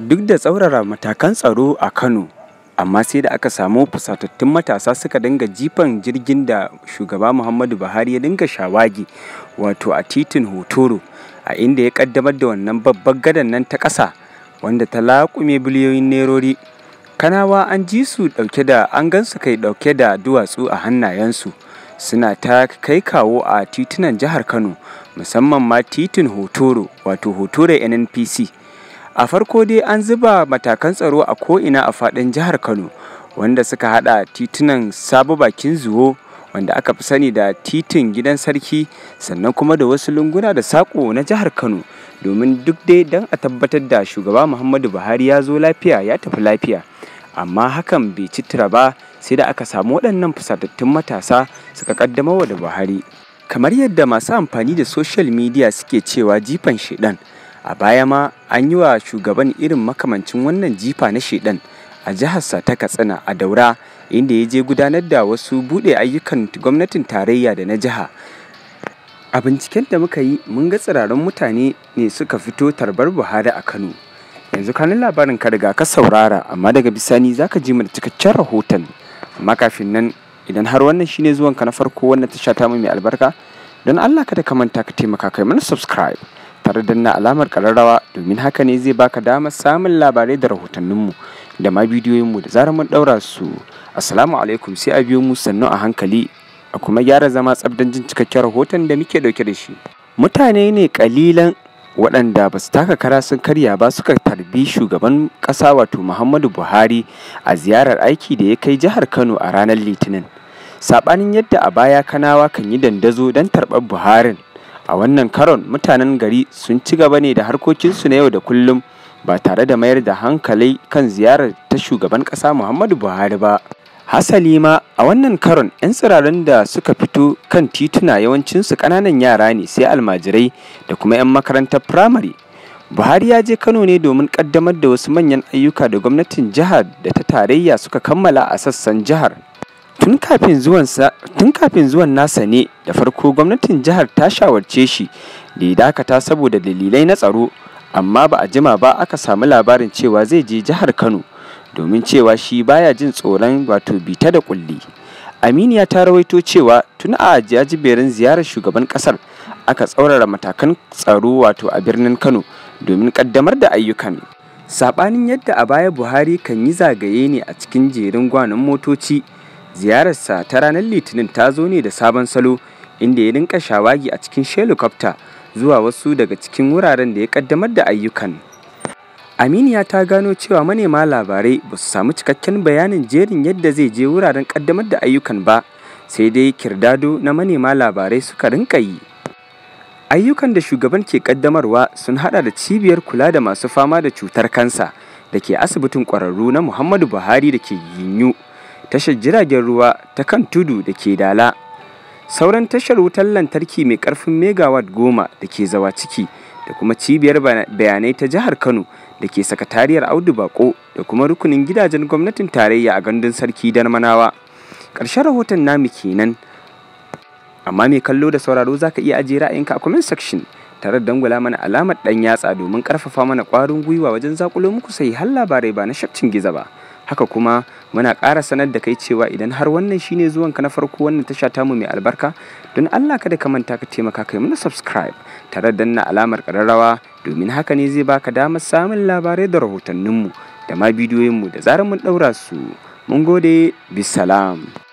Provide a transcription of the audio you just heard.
duk da tsaurara matakan tsaro a kano amma sai da aka samu fusatattun matasa suka dinga jifan jirgin da shugaba muhammadu buhari ya dinga shawagi wato a titin hotoro a inda ya kaddamar da wannan babbar gadan nan ta ƙasa wanda ta laƙume biliyoyin nerori kanawa an ji su ɗauke da an gansu kai ɗauke da duwatsu a hannayensu suna ta kai kawo a titunan jihar kano musamman ma titin hotoro wato hotoro nnpc A farko dai an zuba matakan tsaro a ko'ina a faɗin jihar Kano, wanda suka haɗa titunan Sabo Bakin Zuwo, wanda aka fi sani da titin gidan sarki sannan kuma da wasu lunguna da saƙo na jihar Kano domin duk dai don a tabbatar da shugaba Muhammadu Buhari ya zo lafiya ya tafi lafiya. Amma hakan bai ci ba sai da aka samu waɗannan fusatattun matasa suka wa da Buhari. Kamar yadda masu amfani da social media suke cewa jifan shidan a baya ma an yi wa shugaban irin makamancin wannan jifa na shedan a jiharsa ta katsina a daura inda ya je gudanar da wasu buɗe ayyukan gwamnatin tarayya da na jiha a binciken da muka yi mun ga tsirarin mutane ne suka fito tarbar buhari a kano yanzu kanin labarin ka riga ka saurara amma daga bisani za ka ji mu da cikakken rahoton amma kafin nan idan har wannan shine zuwanka na farko wannan tasha ta mai albarka don allah kada ka manta ka taimaka kai mana subscribe tare da alamar kararrawa domin haka ne zai baka damar samun labarai da rahotanninmu da ma bidiyoyinmu da zarar mun daura su assalamu alaikum sai a biyo mu sannu a hankali a kuma gyara zama tsabdan jin cikakken rahoton da muke dauke da shi mutane ne kalilan waɗanda ba su taka kara sun karya ba suka tarbi shugaban ƙasa wato muhammadu buhari a ziyarar aiki da ya kai jihar kano a ranar litinin saɓanin yadda a baya kanawa kan yi dandazo don tarɓar buharin a wannan karon mutanen gari sun ci gaba ne da harkokinsu na yau da kullum ba tare da mayar da hankali kan ziyarar ta shugaban ƙasa muhammadu buhari ba hasali ma a wannan karon 'yan tsirarin da suka fito kan tituna yawancinsu ƙananan yara ne sai almajirai da kuma 'yan makarantar firamare buhari ya je kano ne domin ƙaddamar da wasu manyan ayyuka da gwamnatin jihar da ta tarayya suka kammala a sassan jihar Tun kafin zuwan nasa ne da farko gwamnatin jihar ta shawarce shi da ya dakata saboda dalilai na tsaro, amma ba a jima ba aka samu labarin cewa zai je jihar Kano, domin cewa shi baya jin tsoron wato bita da ƙulli. Aminiya ta rawaito cewa tun a berin ziyarar shugaban ƙasar aka tsaurara matakan tsaro wato a birnin Kano domin ƙaddamar da ayyukan. Saɓanin yadda a baya Buhari kan yi zagaye ne a cikin jerin gwanon motoci. ziyararsa ta ranar litinin ta zo ne da sabon salo inda ya rinka shawagi a cikin shelikofta zuwa wasu daga cikin wuraren da ya kaddamar da ayyukan aminiya ta gano cewa manema labarai ba su samu cikakken bayanin jerin yadda zai je wuraren kaddamar da ayyukan ba sai dai kirdado na manema labarai suka rinka yi ayyukan da shugaban ke kaddamarwa sun hada da cibiyar kula da masu fama da cutar kansa da ke asibitin ƙwararru na muhammadu buhari da ke yinyu tashar jiragen ruwa ta kan tudu da ke dala sauran tashar wutar lantarki mai karfin megawatt goma da ke zawa ciki da kuma cibiyar bayanai ta jihar kano da ke sakatariyar audu bako da kuma rukunin gidajen gwamnatin tarayya a gandun sarki manawa. ƙarshen rahoton namu kenan amma mai kallo da sauraro zaka iya ajiye ra'ayinka a comment section tare da dangula mana alamar ɗan yatsa domin karfafa mana ƙwarin gwiwa wajen zakulo muku sai har labarai ba na shafcin giza ba haka kuma muna ƙara sanar da kai cewa idan har wannan shine zuwanka na farko wannan tasha tamu mai albarka don Allah kada ka manta ka taimaka kai mana subscribe tare da danna alamar ƙararrawa domin haka ne zai baka damar samun labarai da rahotanninmu da ma bidiyoyinmu da zarar mun ɗaura su mun gode bisalam